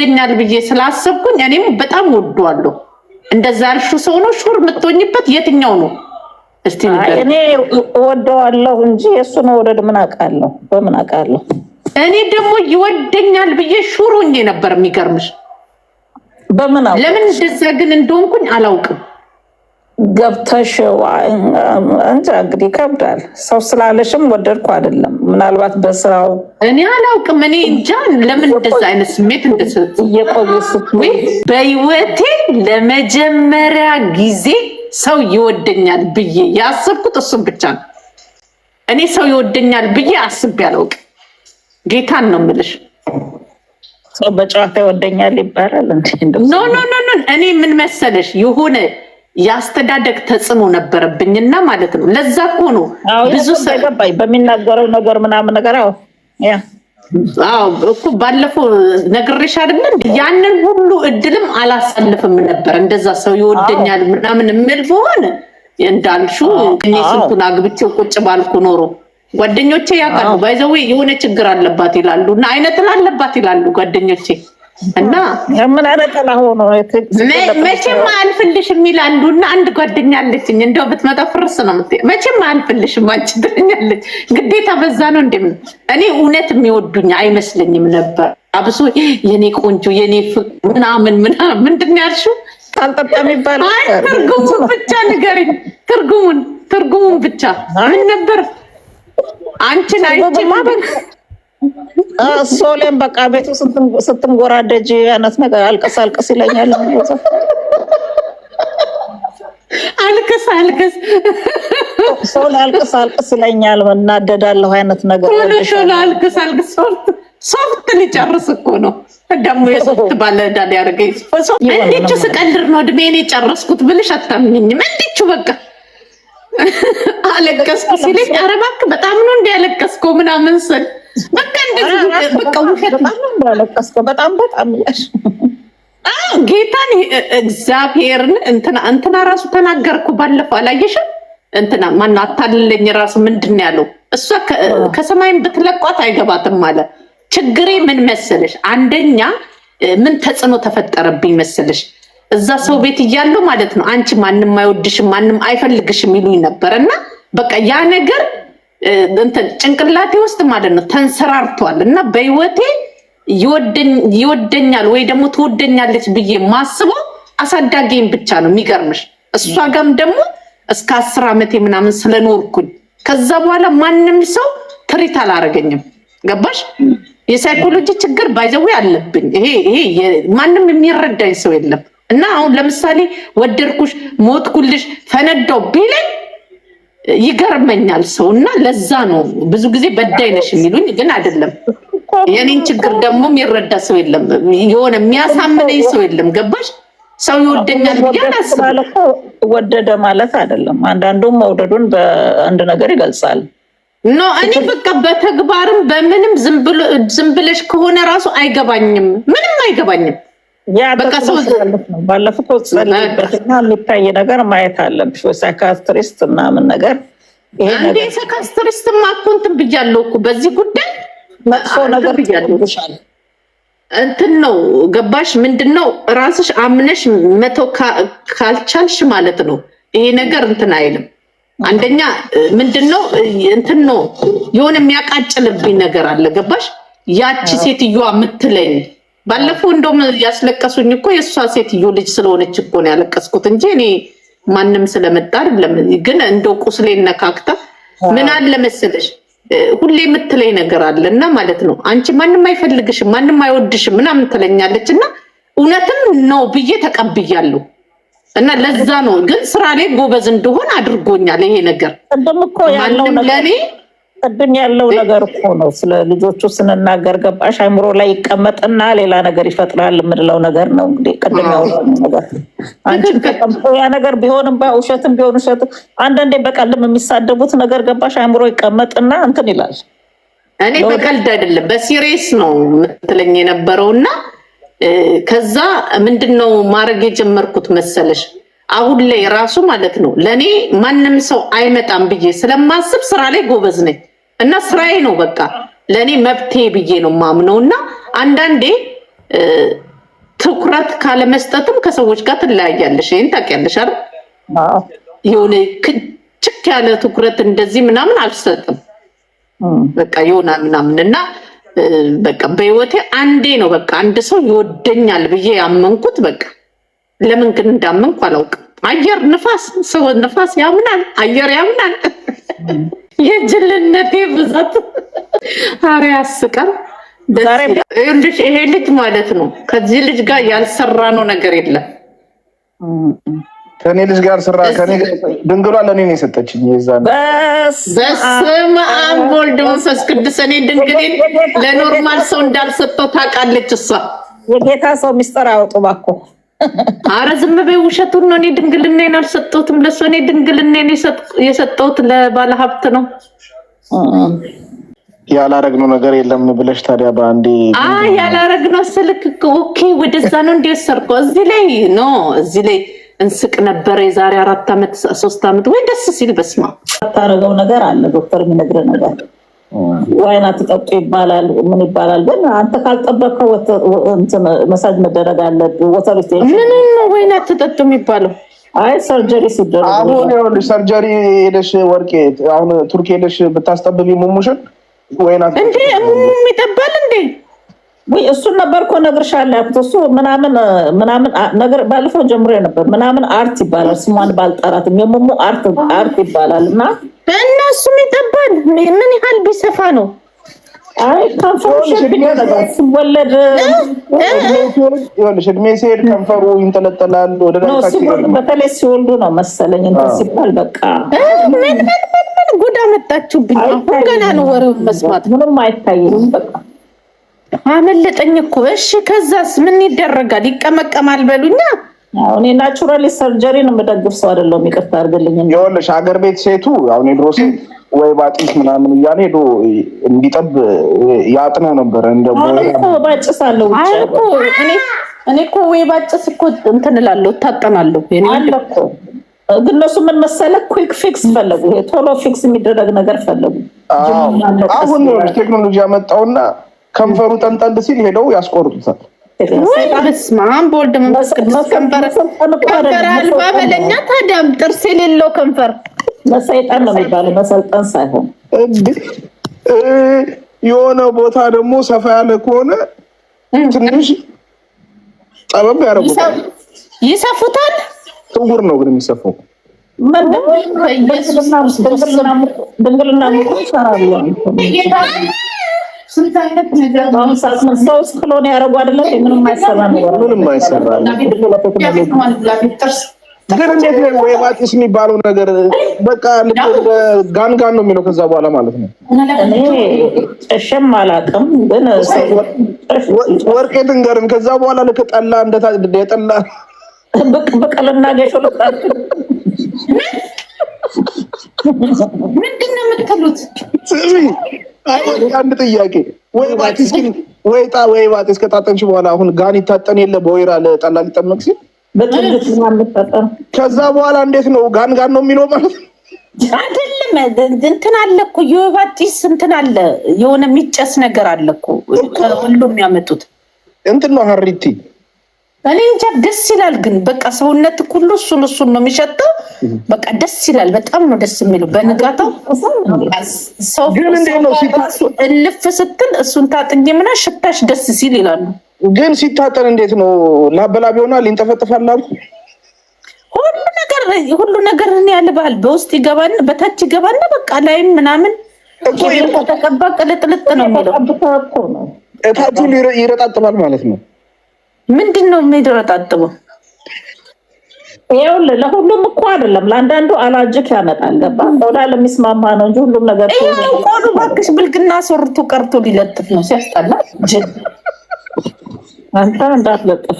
ይወደኛል ብዬ ስላሰብኩኝ እኔም በጣም ወዷለሁ። እንደዛ ያልሽው ሰው ነው ሹር የምትሆኝበት የትኛው ነው? እስቲ እኔ ወደዋለሁ እንጂ የእሱን መውደድ ምን አውቃለሁ፣ በምን አውቃለሁ? እኔ ደግሞ ይወደኛል ብዬ ሹር ሆኜ ነበር። የሚገርምሽ በምን ለምን እንደዛ ግን እንደሆንኩኝ አላውቅም። ገብተሽ እንጃ እንግዲህ ይከብዳል። ሰው ስላለሽም ወደድኩ አይደለም ምናልባት በስራው እኔ አላውቅም። እኔ እንጃ ለምን እንደዚ አይነት ስሜት እንደስእየቆየስ በህይወቴ ለመጀመሪያ ጊዜ ሰው ይወደኛል ብዬ ያሰብኩት እሱም ብቻ ነው። እኔ ሰው ይወደኛል ብዬ አስቤ አላውቅም። ጌታን ነው የምልሽ። ሰው በጨዋታ ይወደኛል ይባላል። ኖ ኖ ኖ እኔ ምን መሰለሽ የሆነ የአስተዳደግ ተጽዕኖ ነበረብኝና ማለት ነው። ለዛ እኮ ነው ብዙ ገባኝ በሚናገረው ነገር ምናምን ነገር አዎ አዎ እኮ ባለፈው ነግሬሽ አይደለም። ያንን ሁሉ እድልም አላሳልፍም ነበር። እንደዛ ሰው ይወደኛል ምናምን የምል በሆነ እንዳልሹ እኔ ስንቱን አግብቼው ቁጭ ባልኩ ኖሮ ጓደኞቼ ያውቃሉ። ባይዘዌ የሆነ ችግር አለባት ይላሉ እና አይነትን አለባት ይላሉ ጓደኞቼ እና ምን አረቀላ ሆኖ መቼም አልፍልሽ የሚል አንድ ጓደኛ አለችኝ። እንደው ብትመጣ ፍርስ ነው የምትይው። መቼም አልፍልሽ አንቺ ትለኛለች። ግዴታ በዛ ነው እንደምን እኔ እውነት የሚወዱኝ አይመስለኝም ነበር። አብሶ የኔ ቆንጆ የኔ ምናምን ምናምን ምንድን ነው ያልሺው? ጣልጠጣ የሚባል ትርጉሙን ብቻ ንገሪኝ። ትርጉሙን ትርጉሙን ብቻ ምን ነበር? አንቺን አይቼ ሶሌም በቃ ቤቱ ስትንጎራደጅ አይነት ነገር አልቅስ አልቅስ ይለኛል። አልቅስ አልቅስ ሶል አልቅስ አልቅስ ይለኛል። እናደዳለሁ አይነት ነገር ሾሎ አልቅስ አልቅስ ሶፍት ሊጨርስ እኮ ነው ደግሞ የሶፍት ባለ ዕዳ ሊያደርገኝ እንዲቹ ስቀልድ ነው እድሜን የጨረስኩት ብልሽ አታምኝኝም። እንዲቹ በቃ አለቀስኩ ሲለኝ ኧረ እባክህ በጣም ነው እንዲ እንዲያለቀስከው ምናምን ስል በቃ እንደዚህ በጣም በጣም ጌታን እግዚአብሔርን እንትና እንትና ራሱ ተናገርኩ ባለፈው አላየሽም? እንትና ማነው አታልለኝ ራሱ ምንድን ነው ያለው? እሷ ከሰማይም ብትለቋት አይገባትም አለ። ችግሬ ምን መሰለሽ፣ አንደኛ ምን ተጽዕኖ ተፈጠረብኝ መሰለሽ እዛ ሰው ቤት እያለው ማለት ነው አንቺ ማንም አይወድሽም ማንም አይፈልግሽም ይሉኝ ነበር። እና በቃ ያ ነገር ጭንቅላቴ ውስጥ ማለት ነው ተንሰራርቷል። እና በህይወቴ ይወደኛል ወይ ደግሞ ትወደኛለች ብዬ ማስበው አሳዳጊም ብቻ ነው። የሚገርምሽ እሷ ጋም ደግሞ እስከ አስር ዓመቴ ምናምን ስለኖርኩኝ ከዛ በኋላ ማንም ሰው ትሪት አላረገኝም። ገባሽ? የሳይኮሎጂ ችግር ባይዘዌ አለብኝ። ይሄ ማንም የሚረዳኝ ሰው የለም። እና አሁን ለምሳሌ ወደድኩሽ፣ ሞትኩልሽ፣ ፈነዳው ቢለኝ ይገርመኛል ሰው እና ለዛ ነው ብዙ ጊዜ በዳይ ነሽ የሚሉኝ። ግን አይደለም የኔን ችግር ደግሞ የሚረዳ ሰው የለም፣ የሆነ የሚያሳምነኝ ሰው የለም። ገባሽ? ሰው ይወደኛል ወደደ ማለት አይደለም። አንዳንዱም መውደዱን በአንድ ነገር ይገልጻል። ኖ እኔ በቃ በተግባርም በምንም ዝም ብለሽ ከሆነ ራሱ አይገባኝም፣ ምንም አይገባኝም። ባለፉት የሚታይ ነገር ማየት አለብሽ ወይ ሳይካትሪስት ምናምን ነገር እንደ ሳይካትሪስትማ እኮ እንትን ብያለሁ እኮ በዚህ ጉዳይ መጥፎ ነገር እንትን ነው ገባሽ? ምንድን ነው ራስሽ አምነሽ መተው ካልቻልሽ ማለት ነው ይሄ ነገር እንትን አይልም። አንደኛ ምንድን ነው እንትን ነው የሆነ የሚያቃጭልብኝ ነገር አለ ገባሽ? ያቺ ሴትዮዋ የምትለኝ ባለፈው እንደውም ያስለቀሱኝ እኮ የእሷ ሴትዮ ልጅ ስለሆነች እኮ ነው ያለቀስኩት እንጂ እኔ ማንም ስለመጣ አይደለም። ግን እንደው ቁስሌ ነካክታ ምን አለ መሰለሽ ሁሌ የምትለኝ ነገር አለ እና ማለት ነው አንቺ ማንም አይፈልግሽም ማንም አይወድሽም ምናምን ትለኛለች እና እውነትም ነው ብዬ ተቀብያለሁ። እና ለዛ ነው ግን ስራ ላይ ጎበዝ እንደሆን አድርጎኛል ይሄ ነገር ማንም ለእኔ ቅድም ያለው ነገር እኮ ነው። ስለ ልጆቹ ስንናገር ገባሽ አይምሮ ላይ ይቀመጥና ሌላ ነገር ይፈጥራል የምንለው ነገር ነው። እንግዲህ ቅድም ያው ነገር አንቺን ተቀምጦ ያ ነገር ቢሆንም ውሸትም ቢሆን ውሸት፣ አንዳንዴ በቀልም የሚሳደቡት ነገር ገባሽ አይምሮ ይቀመጥና እንትን ይላል። እኔ በቀልድ አይደለም በሲሬስ ነው ምትለኝ የነበረው እና ከዛ ምንድን ነው ማድረግ የጀመርኩት መሰለሽ አሁን ላይ ራሱ ማለት ነው ለእኔ ማንም ሰው አይመጣም ብዬ ስለማስብ ስራ ላይ ጎበዝ ነኝ። እና ስራዬ ነው በቃ ለእኔ መብቴ ብዬ ነው ማምነው። እና አንዳንዴ ትኩረት ካለመስጠትም ከሰዎች ጋር ትለያያለሽ። ይህን ታውቂያለሽ አይደል? የሆነ ችክ ያለ ትኩረት እንደዚህ ምናምን አልሰጥም። በቃ ይሆናል ምናምን እና በቃ በህይወቴ አንዴ ነው በቃ አንድ ሰው ይወደኛል ብዬ ያመንኩት። በቃ ለምን ግን እንዳመንኩ አላውቅም። አየር ንፋስ፣ ሰው ንፋስ ያምናል፣ አየር ያምናል። የጅልነቴ ብዛት ኧረ ያስቀር። ይሄ ልጅ ማለት ነው ከዚህ ልጅ ጋር ያልሰራ ነው ነገር የለም። ከኔ ልጅ ጋር ስራ ድንግሏ ለእኔ ነው የሰጠችኝ። በስመ አብ ወወልድ ወመንፈስ ቅዱስ። እኔ ድንግሌን ለኖርማል ሰው እንዳልሰጠው ታውቃለች እሷ። የጌታ ሰው ሚስጥር አያወጡም እኮ አረ ዝም በይ፣ ውሸቱን ነው። እኔ ድንግልናዬን አልሰጠሁትም ለእሱ። እኔ ድንግልናዬን የሰጠሁት ለባለ ሀብት ነው። ያላረግነው ነገር የለም ብለሽ ታዲያ በአንዴ ያላረግነው ስልክ ኦኬ፣ ወደዛ ነው እንዲ እዚህ ላይ ኖ እዚህ ላይ እንስቅ ነበረ የዛሬ አራት ዓመት ሶስት ዓመት ወይ ደስ ሲል በስማ ታረገው ነገር አለ ዶክተር የሚነግረ ነገር ወይን አትጠጡ ይባላል። ምን ይባላል? ግን አንተ ካልጠበቅከው መሳጅ መደረግ አለብህ። ወተር ምንም ወይን አትጠጡ የሚባለው አይ ሰርጀሪ ሲደረግ አሁን ይኸውልሽ፣ ሰርጀሪ ሄደሽ ወርቄ፣ አሁን ቱርክ ሄደሽ ብታስጠብቢ ሙሙሽን ወይን እንዴ ሙሙም ይጠባል እንዴ? ወይ እሱን ነበር እኮ እነግርሻለሁ ያልኩት። እሱ ምናምን ምናምን ነገር ባለፈው ጀምሮ ነበር ምናምን አርት ይባላል። ስሟን ባልጠራትም የሙሙ አርት ይባላል እና እነሱ የሚጠባል ምን ያህል ቢሰፋ ነው? አይ እድሜ ሲሄድ ከንፈሩ ይንጠለጠላል። በተለይ ሲወልዱ ነው መሰለኝ እንትን ሲባል በቃ ምን ምን ምን ጉድ አመጣችሁብኝ። አሁን ገና ነው ወሬውን መስማት ምንም አይታይም። በቃ አመለጠኝ እኮ እሺ። ከዛስ ምን ይደረጋል? ይቀመቀማል በሉኛ እኔ ናቹራሊ ሰርጀሪ ነው የምደግፍ ሰው አይደለሁም። ይቅርታ አድርግልኝ። ይኸውልሽ ሀገር ቤት ሴቱ አሁን የድሮ ሴት ወይ ባጢስ ምናምን እያለ ሄዶ እንዲጠብ ያጥነው ነበረ። እንደባጭሳለሁ እኔ እኮ ወይ ባጭስ እኮ እንትን እላለሁ እታጠናለሁ አለኮ። ግን እነሱ ምን መሰለ ኩክ ፊክስ ፈለጉ፣ ቶሎ ፊክስ የሚደረግ ነገር ፈለጉ። አሁን ቴክኖሎጂ ያመጣውና ከንፈሩ ጠንጠል ሲል ሄደው ያስቆርጡታል። በስመ በወልድ በመንፈስ ቅዱስ ከንፈር አልባ በለኛ። ታዲያም ጥርስ የሌለው ከንፈር መሰይጣን ነው የሚባለው፣ መሰልጠን ሳይሆን የሆነ ቦታ ደግሞ ሰፋ ያለ ከሆነ ትንሽ ጠበብ ያደርጉታል፣ ይሰፉታል። ትውር ነው ግን የሚሰፋው ድንግልና በአሁኑ ሰዓት መስታወስ ክሎን ያደረጉ አይደለ? ግን እንዴት ነው የባጢስ የሚባለው ነገር? በቃ ጋንጋን ነው የሚለው ከዛ በኋላ ማለት ነው። እኔ አላውቅም፣ ወርቄ ትንገርን። ከዛ በኋላ ልክ ጠላ እንደታ የጠላ ብቅ ብቅልና ገሾ ልቃል ምንድን ነው አንድ ጥያቄ ወይ ወይ ጣ ወይ በኋላ አሁን ጋን ይታጠን የለ በወይራ ለጠላ ሊጠመቅ ሲል ከዛ በኋላ እንዴት ነው ጋን ጋን ነው የሚለው ማለት ነው? አይደለም እንትን አለ እኮ የወይባ ጢስ እንትን አለ የሆነ የሚጨስ ነገር አለ እኮ ከሁሉ እንትን ነው ሀሪቲ እኔ እንጃ ደስ ይላል። ግን በቃ ሰውነት ሁሉ እሱን እሱን ነው የሚሸጠው። በቃ ደስ ይላል። በጣም ነው ደስ የሚለው። በንጋታው ሰው እልፍ ስትል እሱን ታጥኝ ምና ሽታሽ ደስ ሲል ይላሉ። ግን ሲታጠን እንዴት ነው ላበላብ ይሆናል፣ ይንጠፈጥፋል። ሁሉ ነገር ሁሉ ነገር ያለ ባህል በውስጥ ይገባና በታች ይገባና በቃ ላይም ምናምን ተቀባ ቅልጥልጥ ነው የሚለው። እታቱን ይረጣጥማል ማለት ነው ምንድን ነው የሚደረጣጥበው? ይኸውልህ ለሁሉም እኮ አይደለም፣ ለአንዳንዱ አላጅክ ያመጣል። ገባ ቆዳ ለሚስማማ ነው እንጂ ሁሉም ነገር ቆዱ ባክሽ ብልግና ሰርቶ ቀርቶ ሊለጥፍ ነው። ሲያስጠላ አንተ እንዳትለጥፈ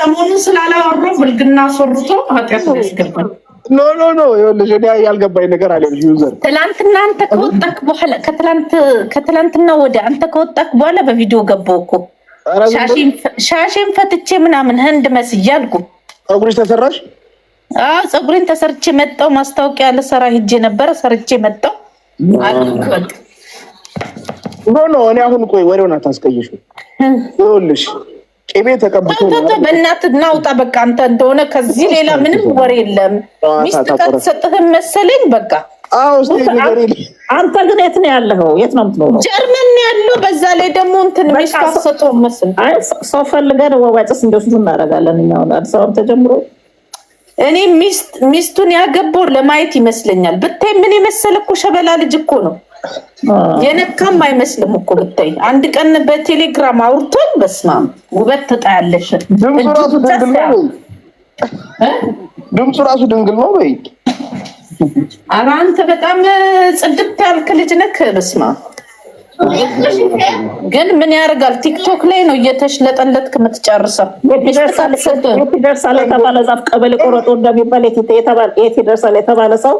ሰሞኑን ስላላወራሁ ብልግና ሰርቶ ኃጢአት ያስገባል። ኖ ኖ ኖ ይኸውልሽ፣ እኔ ያልገባኝ ነገር አለ። ዩዘር ትላንትና አንተ ከወጣክ በኋላ ከትላንት ከትላንትና ወደ አንተ ከወጣክ በኋላ በቪዲዮ ገባሁ እኮ ሻሼን ፈትቼ ምናምን ህንድ መስዬ አልኩ። ፀጉርሽ ተሰራሽ? አዎ ፀጉሪን ተሰርቼ መጣሁ። ማስታወቂያ ለሰራ ሂጄ ነበረ ሰርቼ መጣሁ። ኖ ኖ እኔ አሁን ቆይ ወሬውን አታስቀይሽ። ይኸውልሽ ቅቤ ተቀብቶ በእናትህ እናውጣ። በቃ አንተ እንደሆነ ከዚህ ሌላ ምንም ወሬ የለም። ሚስት መሰለኝ በቃ አንተ ግን የት ነው ያለኸው? የት ነው የምትኖረው? ጀርመን ነው ያለው። በዛ ላይ ደግሞ እንትን ሰው ፈልገን ወባጭስ እንደሱ እናደርጋለን አዲስ አበባም ተጀምሮ እኔ ሚስቱን ያገባው ለማየት ይመስለኛል። ብታይ ምን የመሰለ እኮ ሸበላ ልጅ እኮ ነው የነካም አይመስልም እኮ ብታይ፣ አንድ ቀን በቴሌግራም አውርቶን በስማም ውበት ትጣያለሽ። ድምፁ ራሱ ድንግል ነው በይ። ኧረ አንተ በጣም ጽድት ያልክ ልጅ ነክ። በስማም ግን ምን ያደርጋል፣ ቲክቶክ ላይ ነው እየተሽለጠለጥክ የምትጨርሰው። የት ይደርሳል የተባለ ዛፍ ቀበሌ ቆረጦ እንደሚባል የት ይደርሳል የተባለ ሰው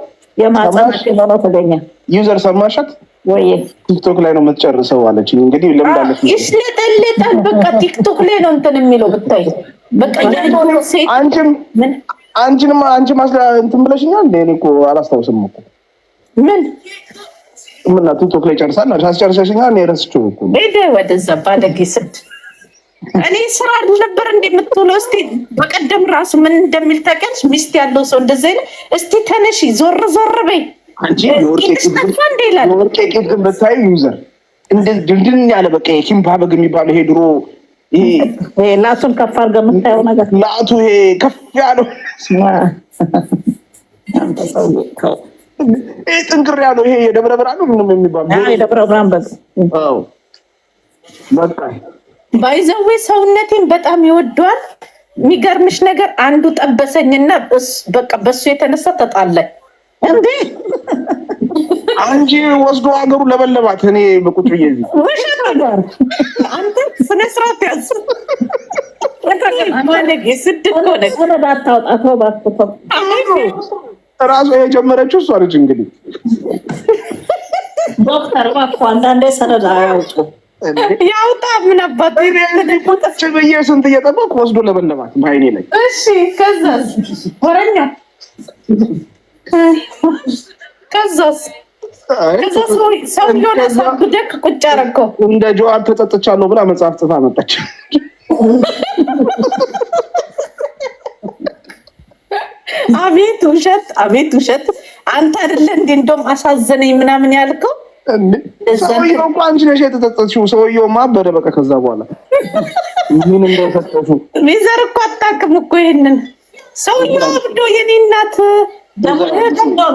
ዩዘር ሰማሻት ወይ ቲክቶክ ላይ ነው የምትጨርሰው አለች። እንግዲህ ለምዳለች ይስለጠልጣል። በቃ ቲክቶክ ላይ ነው እንትን የሚለው ብታይ በቃ አንቺም አንቺንማ አንቺ እንትን ብለሽኛል። እኔ እኮ አላስታውስም እኮ ምን ምና ቲክቶክ ላይ ጨርሳለች። አስጨርሰሽኛል። እኔ ረስቼው እኮ ወደዛ ባለጌ ስድ እኔ ስራ ነበር እንደምትውለው። እስቲ በቀደም ራሱ ምን እንደሚል ታውቂያለሽ? ሚስት ያለው ሰው እንደዚ አይነት እስቲ ተነሺ፣ ዞር ዞር በይ ጠፋ እንደ ይላል። ወርቄቄት ግን ብታዩ ዩዘር እንደ ድንድን ያለ በቃ የኪምፓ በግ የሚባለው ይሄ ድሮ ላቱን ከፍ አድርገህ የምታየው ነገር ላቱ ይሄ ከፍ ያለው ይሄ ጥንቅር ያለው ይሄ የደብረ ብርሃን ነው የሚባለው የደብረ ብርሃን በግ በቃ ባይዘዌ ሰውነቴን በጣም ይወደዋል። የሚገርምሽ ነገር አንዱ ጠበሰኝና በቃ በሱ የተነሳ ተጣላኝ። እንዴ አንቺ ወስዶ ሀገሩ ለበለባት። እኔ በቁጭ ብዬ ውሸት ነገር አንተ ስነ ስርዓት ያዝ። ራሱ የጀመረችው እሷ ነች እንግዲህ ዶክተር፣ እባክህ አንዳንዴ ሰነድ አያውጡ ያውጣ ምን አባቱ በየስንት እየጠበቅ ወስዶ ለበለባት በአይኔ ላይ። እሺ ከዛስ? ወረኛ ከዛስ? ሰው ሆነ ጉደክ ቁጭ አደረገው። እንደ ጆዋር ተጸጥቻለሁ ብላ መጽሐፍ ጽፋ መጣች። አቤት ውሸት! አቤት ውሸት! አንተ አይደለ እንዴ እንደውም አሳዘነኝ ምናምን ያልከው ሰውየው እንኳ አንቺ ነሽ የተሰጠችው። ሰውየውማ አበደ በቃ። ከዛ በኋላ ምን ሚዘር እኮ አታውቅም እኮ ሰውየው አብዶ የኔ እናት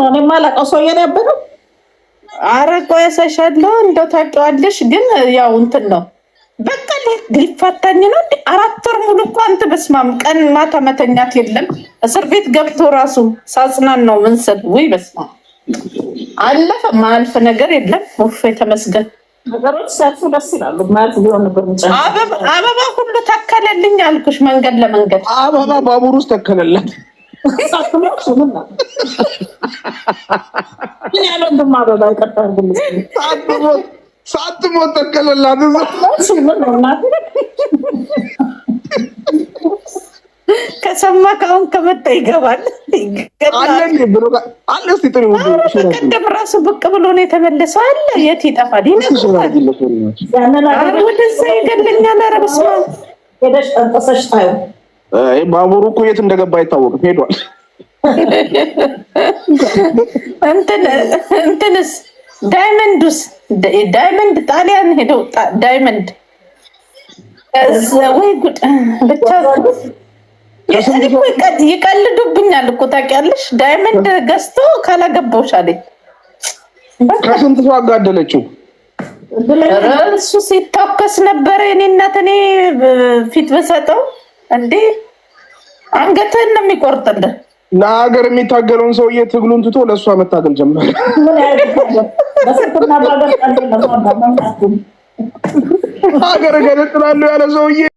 ነው የማላውቀው ሰውዬ ነው ያበደው። ቆይ እንደው ታውቂዋለሽ። ግን ያው እንትን ነው በቃ ሊፋታኝ ነው። አራት ወር ሙሉ እኮ አንተ ቀን ማታ መተኛት የለም። እስር ቤት ገብቶ ራሱ ሳጽናን ነው ምንስል ውይ አለፈ። ማልፍ ነገር የለም። ወፍ የተመስገን ነገሮች ሰልፉ ደስ ይላሉ። ማለት ሊሆን ነበር። አበባ ሁሉ ተከለልኝ አልኩሽ። መንገድ ለመንገድ አበባ ባቡር ውስጥ ምን ተከለላት። ሳትሞት ተከለላት። ከሰማ ከአሁን ከመጣ ይገባል። ቅድም ራሱ ብቅ ብሎ ነው የተመለሰው። አለ የት ይጠፋል? ይነግሩታል። ወደዛ ይገለኛል። ኧረ በስመ አብ ሄደሽ ጠንጥሰሽ ታዩ። ባቡሩ እኮ የት እንደገባ አይታወቅም። ሄዷል። እንትንስ ዳይመንዱስ ዳይመንድ ጣሊያን ሄደው ዳይመንድ ወይ ጉድ ብቻ ይቀልዱብኛል እኮ ታውቂያለሽ። ዳይመንድ ገዝቶ ካላገባውሽ አለኝ። ከስንት ሰው አጋደለችው። እሱ ሲታከስ ነበረ። እኔ እናት እኔ ፊት በሰጠው እንዴ አንገትህን ነው የሚቆርጥልህ። ለሀገር የሚታገለውን ሰውዬ ትግሉን ትቶ ለእሷ መታገል ጀመረ። ሀገር ገለጥላለሁ ያለ ሰውዬ